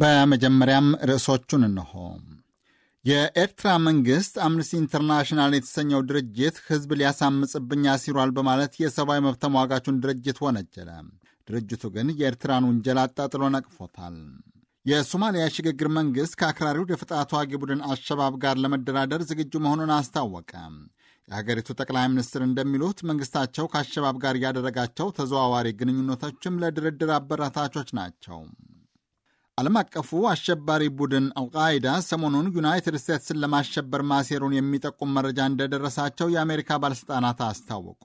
በመጀመሪያም ርዕሶቹን እንሆ። የኤርትራ መንግሥት አምነስቲ ኢንተርናሽናል የተሰኘው ድርጅት ሕዝብ ሊያሳምጽብኝ አሲሯል በማለት የሰብአዊ መብት ተሟጋቹን ድርጅት ወነጀለ። ድርጅቱ ግን የኤርትራን ውንጀላ አጣጥሎ ነቅፎታል። የሶማሊያ ሽግግር መንግሥት ከአክራሪው ደፈጣ ተዋጊ ቡድን አሸባብ ጋር ለመደራደር ዝግጁ መሆኑን አስታወቀ። የሀገሪቱ ጠቅላይ ሚኒስትር እንደሚሉት መንግሥታቸው ከአሸባብ ጋር ያደረጋቸው ተዘዋዋሪ ግንኙነቶችም ለድርድር አበረታቾች ናቸው። ዓለም አቀፉ አሸባሪ ቡድን አልቃይዳ ሰሞኑን ዩናይትድ ስቴትስን ለማሸበር ማሴሩን የሚጠቁም መረጃ እንደደረሳቸው የአሜሪካ ባለሥልጣናት አስታወቁ።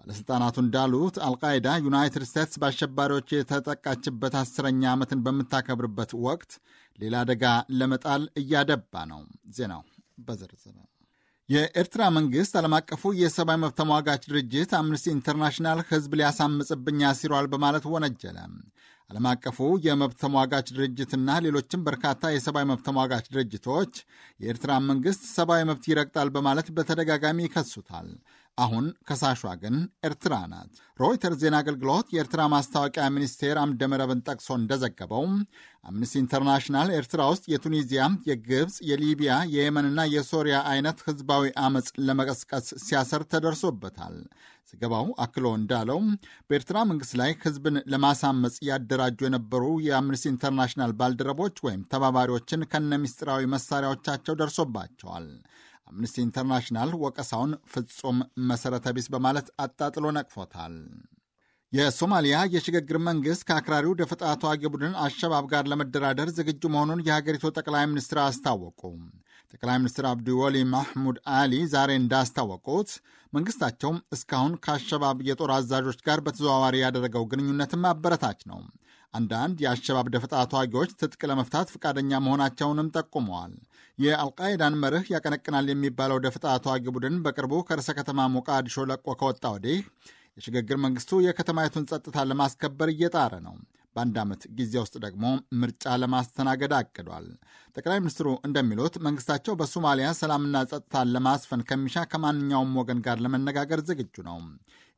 ባለሥልጣናቱ እንዳሉት አልቃይዳ ዩናይትድ ስቴትስ በአሸባሪዎች የተጠቃችበት አስረኛ ዓመትን በምታከብርበት ወቅት ሌላ አደጋ ለመጣል እያደባ ነው። ዜናው በዝርዝር የኤርትራ መንግሥት ዓለም አቀፉ የሰብአዊ መብት ተሟጋች ድርጅት አምነስቲ ኢንተርናሽናል ህዝብ ሊያሳምጽብኝ ሲሯል በማለት ወነጀለ። ዓለም አቀፉ የመብት ተሟጋች ድርጅትና ሌሎችም በርካታ የሰብአዊ መብት ተሟጋች ድርጅቶች የኤርትራ መንግሥት ሰብአዊ መብት ይረግጣል በማለት በተደጋጋሚ ይከሱታል። አሁን ከሳሿ ግን ኤርትራ ናት። ሮይተርስ ዜና አገልግሎት የኤርትራ ማስታወቂያ ሚኒስቴር አምደመረብን ጠቅሶ እንደዘገበው አምነስቲ ኢንተርናሽናል ኤርትራ ውስጥ የቱኒዚያ፣ የግብፅ፣ የሊቢያ፣ የየመንና የሶሪያ አይነት ህዝባዊ አመፅ ለመቀስቀስ ሲያሰር ተደርሶበታል። ዘገባው አክሎ እንዳለው በኤርትራ መንግስት ላይ ህዝብን ለማሳመፅ ያደራጁ የነበሩ የአምነስቲ ኢንተርናሽናል ባልደረቦች ወይም ተባባሪዎችን ከነ ምስጢራዊ መሳሪያዎቻቸው ደርሶባቸዋል። አምነስቲ ኢንተርናሽናል ወቀሳውን ፍጹም መሠረተ ቢስ በማለት አጣጥሎ ነቅፎታል። የሶማሊያ የሽግግር መንግሥት ከአክራሪው ደፈጣ ተዋጊ ቡድን አሸባብ ጋር ለመደራደር ዝግጁ መሆኑን የሀገሪቱ ጠቅላይ ሚኒስትር አስታወቁ። ጠቅላይ ሚኒስትር አብዲወሊ ማሕሙድ አሊ ዛሬ እንዳስታወቁት መንግሥታቸውም እስካሁን ከአሸባብ የጦር አዛዦች ጋር በተዘዋዋሪ ያደረገው ግንኙነትም አበረታች ነው። አንዳንድ የአሸባብ ደፈጣ ተዋጊዎች ትጥቅ ለመፍታት ፈቃደኛ መሆናቸውንም ጠቁመዋል። የአልቃይዳን መርህ ያቀነቅናል የሚባለው ደፈጣ ተዋጊ ቡድን በቅርቡ ከርዕሰ ከተማ ሞቃዲሾ ለቆ ከወጣ ወዲህ የሽግግር መንግስቱ የከተማይቱን ጸጥታ ለማስከበር እየጣረ ነው። በአንድ ዓመት ጊዜ ውስጥ ደግሞ ምርጫ ለማስተናገድ አቅዷል። ጠቅላይ ሚኒስትሩ እንደሚሉት መንግስታቸው በሶማሊያ ሰላምና ጸጥታን ለማስፈን ከሚሻ ከማንኛውም ወገን ጋር ለመነጋገር ዝግጁ ነው።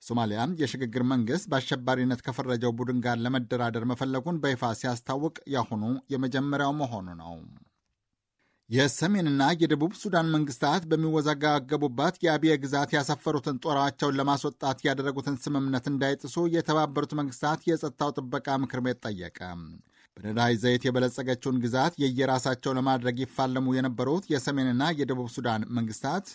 ሶማሊያ የሽግግር መንግስት በአሸባሪነት ከፈረጀው ቡድን ጋር ለመደራደር መፈለጉን በይፋ ሲያስታውቅ ያሁኑ የመጀመሪያው መሆኑ ነው። የሰሜንና የደቡብ ሱዳን መንግስታት በሚወዛጋገቡባት የአብየ ግዛት ያሰፈሩትን ጦራቸውን ለማስወጣት ያደረጉትን ስምምነት እንዳይጥሱ የተባበሩት መንግስታት የጸጥታው ጥበቃ ምክር ቤት ጠየቀ። በነዳጅ ዘይት የበለጸገችውን ግዛት የየራሳቸው ለማድረግ ይፋለሙ የነበሩት የሰሜንና የደቡብ ሱዳን መንግስታት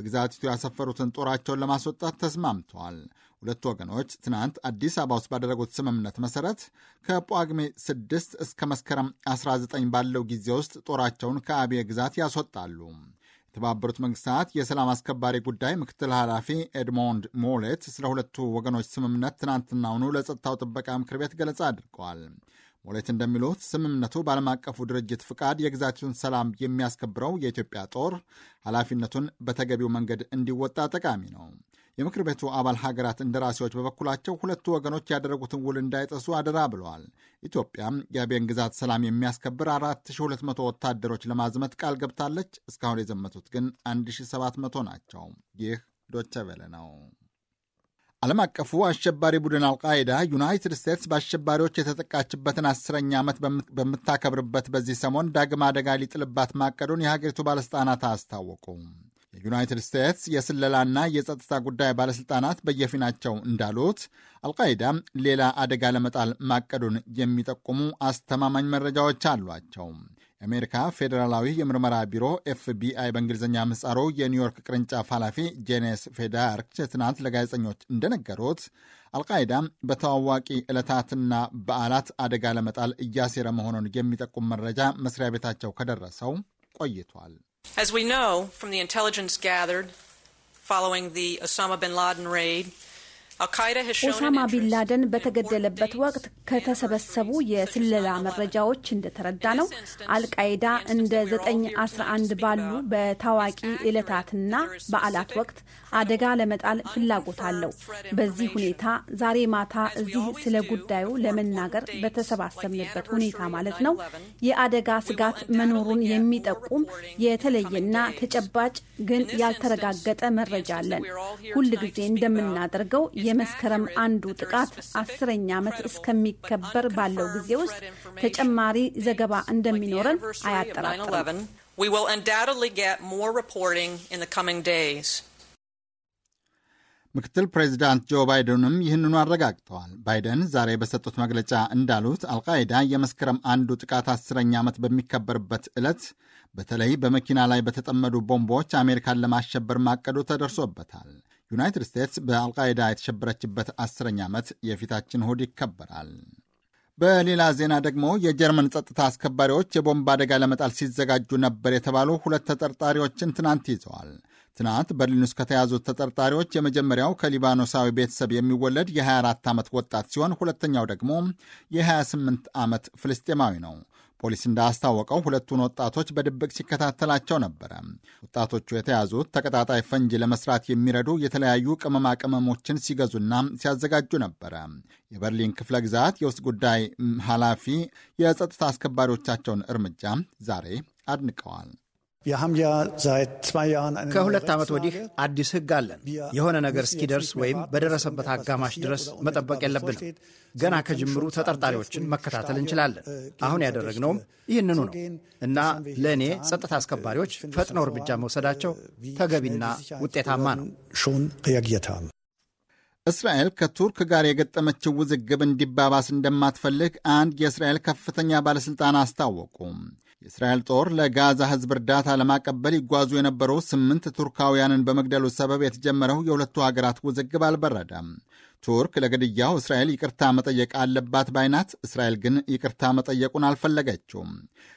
በግዛቲቱ ያሰፈሩትን ጦራቸውን ለማስወጣት ተስማምተዋል። ሁለቱ ወገኖች ትናንት አዲስ አበባ ውስጥ ባደረጉት ስምምነት መሰረት ከጳጉሜ 6 እስከ መስከረም 19 ባለው ጊዜ ውስጥ ጦራቸውን ከአብየ ግዛት ያስወጣሉ። የተባበሩት መንግስታት የሰላም አስከባሪ ጉዳይ ምክትል ኃላፊ ኤድሞንድ ሞሌት ስለ ሁለቱ ወገኖች ስምምነት ትናንትናውኑ ለጸጥታው ጥበቃ ምክር ቤት ገለጻ አድርገዋል። ሞሌት እንደሚሉት ስምምነቱ በዓለም አቀፉ ድርጅት ፍቃድ የግዛቱን ሰላም የሚያስከብረው የኢትዮጵያ ጦር ኃላፊነቱን በተገቢው መንገድ እንዲወጣ ጠቃሚ ነው። የምክር ቤቱ አባል ሀገራት እንደራሴዎች በበኩላቸው ሁለቱ ወገኖች ያደረጉትን ውል እንዳይጠሱ አደራ ብለዋል። ኢትዮጵያም የአቤን ግዛት ሰላም የሚያስከብር 4200 ወታደሮች ለማዝመት ቃል ገብታለች። እስካሁን የዘመቱት ግን 1700 ናቸው። ይህ ዶቸ ቬለ ነው። ዓለም አቀፉ አሸባሪ ቡድን አልቃይዳ ዩናይትድ ስቴትስ በአሸባሪዎች የተጠቃችበትን አስረኛ ዓመት በምታከብርበት በዚህ ሰሞን ዳግም አደጋ ሊጥልባት ማቀዱን የሀገሪቱ ባለሥልጣናት አስታወቁ። የዩናይትድ ስቴትስ የስለላና የጸጥታ ጉዳይ ባለሥልጣናት በየፊናቸው እንዳሉት አልቃይዳ ሌላ አደጋ ለመጣል ማቀዱን የሚጠቁሙ አስተማማኝ መረጃዎች አሏቸው። የአሜሪካ ፌዴራላዊ የምርመራ ቢሮ ኤፍቢአይ በእንግሊዝኛ ምህጻሩ የኒውዮርክ ቅርንጫፍ ኃላፊ ጄኔስ ፌዳርክ ትናንት ለጋዜጠኞች እንደነገሩት አልቃይዳ በታዋቂ ዕለታትና በዓላት አደጋ ለመጣል እያሴረ መሆኑን የሚጠቁም መረጃ መስሪያ ቤታቸው ከደረሰው ቆይቷል። As we know from the intelligence gathered following the Osama bin Laden raid, ኦሳማ ቢንላደን በተገደለበት ወቅት ከተሰበሰቡ የስለላ መረጃዎች እንደተረዳ ነው አልቃይዳ እንደ 911 ባሉ በታዋቂ ዕለታትና በዓላት ወቅት አደጋ ለመጣል ፍላጎት አለው። በዚህ ሁኔታ ዛሬ ማታ እዚህ ስለ ጉዳዩ ለመናገር በተሰባሰብንበት ሁኔታ ማለት ነው የአደጋ ስጋት መኖሩን የሚጠቁም የተለየና ተጨባጭ ግን ያልተረጋገጠ መረጃ አለን። ሁልጊዜ እንደምናደርገው የመስከረም አንዱ ጥቃት አስረኛ ዓመት እስከሚከበር ባለው ጊዜ ውስጥ ተጨማሪ ዘገባ እንደሚኖረን አያጠራጥርም። ምክትል ፕሬዚዳንት ጆ ባይደንም ይህንኑ አረጋግጠዋል። ባይደን ዛሬ በሰጡት መግለጫ እንዳሉት አልቃይዳ የመስከረም አንዱ ጥቃት አስረኛ ዓመት በሚከበርበት ዕለት በተለይ በመኪና ላይ በተጠመዱ ቦምቦች አሜሪካን ለማሸበር ማቀዱ ተደርሶበታል። ዩናይትድ ስቴትስ በአልቃይዳ የተሸበረችበት አስረኛ ዓመት የፊታችን እሁድ ይከበራል። በሌላ ዜና ደግሞ የጀርመን ጸጥታ አስከባሪዎች የቦምብ አደጋ ለመጣል ሲዘጋጁ ነበር የተባሉ ሁለት ተጠርጣሪዎችን ትናንት ይዘዋል። ትናንት በርሊን ውስጥ ከተያዙት ተጠርጣሪዎች የመጀመሪያው ከሊባኖሳዊ ቤተሰብ የሚወለድ የ24 ዓመት ወጣት ሲሆን ሁለተኛው ደግሞ የ28 ዓመት ፍልስጤማዊ ነው። ፖሊስ እንዳስታወቀው ሁለቱን ወጣቶች በድብቅ ሲከታተላቸው ነበረ። ወጣቶቹ የተያዙት ተቀጣጣይ ፈንጅ ለመስራት የሚረዱ የተለያዩ ቅመማ ቅመሞችን ሲገዙና ሲያዘጋጁ ነበረ። የበርሊን ክፍለ ግዛት የውስጥ ጉዳይ ኃላፊ የጸጥታ አስከባሪዎቻቸውን እርምጃ ዛሬ አድንቀዋል። ከሁለት ዓመት ወዲህ አዲስ ሕግ አለን። የሆነ ነገር እስኪደርስ ወይም በደረሰበት አጋማሽ ድረስ መጠበቅ የለብንም። ገና ከጅምሩ ተጠርጣሪዎችን መከታተል እንችላለን። äh, አሁን ያደረግነውም ይህንኑ ነው እና ለእኔ ጸጥታ አስከባሪዎች äh, ፈጥነው እርምጃ መውሰዳቸው äh, ተገቢና ውጤታማ ነው። እስራኤል ከቱርክ ጋር የገጠመችው ውዝግብ እንዲባባስ እንደማትፈልግ አንድ የእስራኤል ከፍተኛ ባለሥልጣን አስታወቁ። የእስራኤል ጦር ለጋዛ ሕዝብ እርዳታ ለማቀበል ይጓዙ የነበሩ ስምንት ቱርካውያንን በመግደሉ ሰበብ የተጀመረው የሁለቱ ሀገራት ውዝግብ አልበረዳም። ቱርክ ለግድያው እስራኤል ይቅርታ መጠየቅ አለባት ባይናት፣ እስራኤል ግን ይቅርታ መጠየቁን አልፈለገችውም።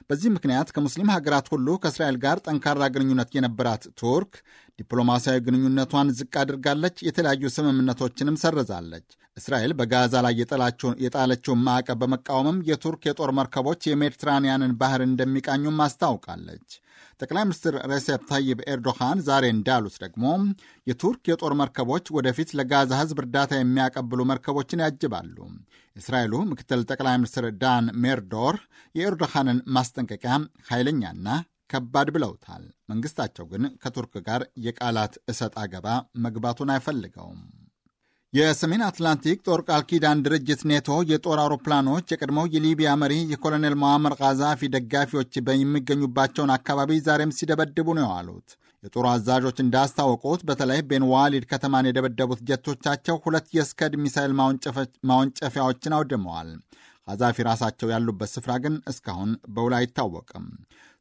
በዚህ ምክንያት ከሙስሊም ሀገራት ሁሉ ከእስራኤል ጋር ጠንካራ ግንኙነት የነበራት ቱርክ ዲፕሎማሲያዊ ግንኙነቷን ዝቅ አድርጋለች፣ የተለያዩ ስምምነቶችንም ሰርዛለች። እስራኤል በጋዛ ላይ የጣለችውን ማዕቀብ በመቃወምም የቱርክ የጦር መርከቦች የሜዲትራንያንን ባህር እንደሚቃኙም አስታውቃለች። ጠቅላይ ሚኒስትር ሬሴፕ ታይብ ኤርዶሃን ዛሬ እንዳሉት ደግሞ የቱርክ የጦር መርከቦች ወደፊት ለጋዛ ሕዝብ እርዳታ የሚያቀብሉ መርከቦችን ያጅባሉ። የእስራኤሉ ምክትል ጠቅላይ ሚኒስትር ዳን ሜርዶር የኤርዶሃንን ማስጠንቀቂያ ኃይለኛና ከባድ ብለውታል። መንግስታቸው ግን ከቱርክ ጋር የቃላት እሰጥ አገባ መግባቱን አይፈልገውም። የሰሜን አትላንቲክ ጦር ቃል ኪዳን ድርጅት ኔቶ የጦር አውሮፕላኖች የቀድሞው የሊቢያ መሪ የኮሎኔል መዋመር ቃዛፊ ደጋፊዎች የሚገኙባቸውን አካባቢ ዛሬም ሲደበድቡ ነው የዋሉት። የጦሩ አዛዦች እንዳስታወቁት በተለይ ቤን ዋሊድ ከተማን የደበደቡት ጀቶቻቸው ሁለት የስከድ ሚሳይል ማወንጨፊያዎችን አውድመዋል። አዛፊ ራሳቸው ያሉበት ስፍራ ግን እስካሁን በውል አይታወቅም።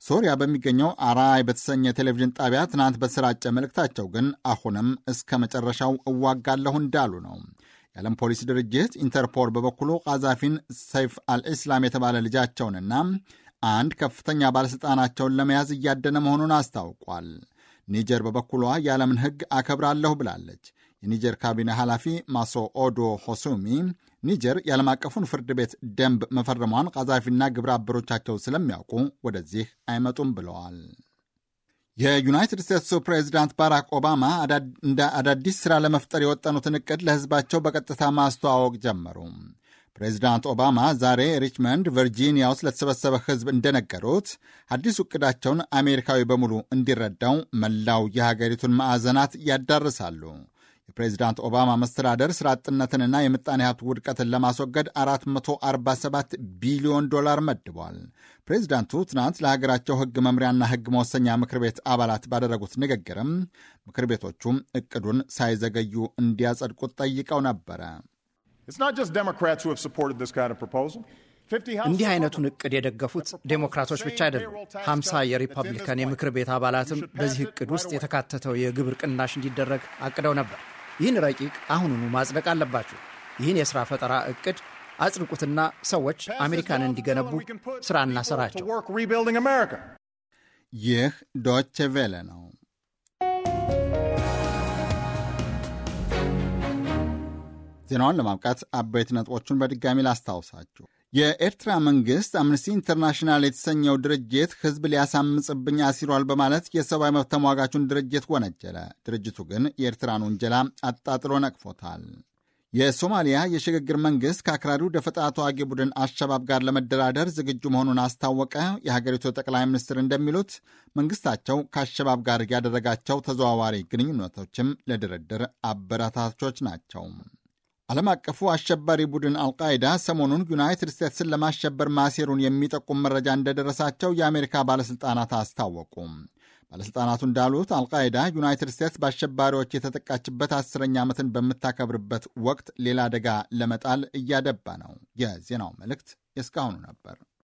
ሶሪያ በሚገኘው አራይ በተሰኘ ቴሌቪዥን ጣቢያ ትናንት በተሰራጨ መልእክታቸው ግን አሁንም እስከ መጨረሻው እዋጋለሁ እንዳሉ ነው። የዓለም ፖሊስ ድርጅት ኢንተርፖል በበኩሉ ቃዛፊን ሰይፍ አልኢስላም የተባለ ልጃቸውንና አንድ ከፍተኛ ባለሥልጣናቸውን ለመያዝ እያደነ መሆኑን አስታውቋል። ኒጀር በበኩሏ የዓለምን ሕግ አከብራለሁ ብላለች። የኒጀር ካቢኔ ኃላፊ ማሶ ኦዶ ሆሱሚ ኒጀር የዓለም አቀፉን ፍርድ ቤት ደንብ መፈረሟን ቀዛፊና ግብረ አበሮቻቸው ስለሚያውቁ ወደዚህ አይመጡም ብለዋል። የዩናይትድ ስቴትሱ ፕሬዚዳንት ባራክ ኦባማ እንደ አዳዲስ ሥራ ለመፍጠር የወጠኑትን ዕቅድ ለሕዝባቸው በቀጥታ ማስተዋወቅ ጀመሩ። ፕሬዚዳንት ኦባማ ዛሬ ሪችመንድ ቨርጂኒያ ውስጥ ለተሰበሰበ ሕዝብ እንደነገሩት አዲስ ዕቅዳቸውን አሜሪካዊ በሙሉ እንዲረዳው መላው የሀገሪቱን ማዕዘናት ያዳርሳሉ። የፕሬዚዳንት ኦባማ መስተዳደር ስራ አጥነትንና የምጣኔ ሀብት ውድቀትን ለማስወገድ 447 ቢሊዮን ዶላር መድቧል። ፕሬዚዳንቱ ትናንት ለሀገራቸው ሕግ መምሪያና ሕግ መወሰኛ ምክር ቤት አባላት ባደረጉት ንግግርም ምክር ቤቶቹም እቅዱን ሳይዘገዩ እንዲያጸድቁት ጠይቀው ነበረ። እንዲህ አይነቱን እቅድ የደገፉት ዴሞክራቶች ብቻ አይደሉም። ሀምሳ የሪፐብሊካን የምክር ቤት አባላትም በዚህ እቅድ ውስጥ የተካተተው የግብር ቅናሽ እንዲደረግ አቅደው ነበር። ይህን ረቂቅ አሁኑኑ ማጽደቅ አለባቸው ይህን የሥራ ፈጠራ እቅድ አጽድቁትና ሰዎች አሜሪካን እንዲገነቡ ሥራ እናሰራቸው። ይህ ዶች ቬለ ነው። ዜናውን ለማብቃት አበይት ነጥቦቹን በድጋሚ ላስታውሳችሁ። የኤርትራ መንግስት አምነስቲ ኢንተርናሽናል የተሰኘው ድርጅት ህዝብ ሊያሳምፅብኝ አሲሯል በማለት የሰብአዊ መብት ተሟጋቹን ድርጅት ወነጀለ። ድርጅቱ ግን የኤርትራን ውንጀላ አጣጥሎ ነቅፎታል። የሶማሊያ የሽግግር መንግስት ከአክራሪው ደፈጣ ተዋጊ ቡድን አሸባብ ጋር ለመደራደር ዝግጁ መሆኑን አስታወቀ። የሀገሪቱ ጠቅላይ ሚኒስትር እንደሚሉት መንግስታቸው ከአሸባብ ጋር ያደረጋቸው ተዘዋዋሪ ግንኙነቶችም ለድርድር አበረታቾች ናቸው። ዓለም አቀፉ አሸባሪ ቡድን አልቃይዳ ሰሞኑን ዩናይትድ ስቴትስን ለማሸበር ማሴሩን የሚጠቁም መረጃ እንደደረሳቸው የአሜሪካ ባለሥልጣናት አስታወቁ። ባለሥልጣናቱ እንዳሉት አልቃይዳ ዩናይትድ ስቴትስ በአሸባሪዎች የተጠቃችበት አስረኛ ዓመትን በምታከብርበት ወቅት ሌላ አደጋ ለመጣል እያደባ ነው። የዜናው መልእክት የእስካሁኑ ነበር።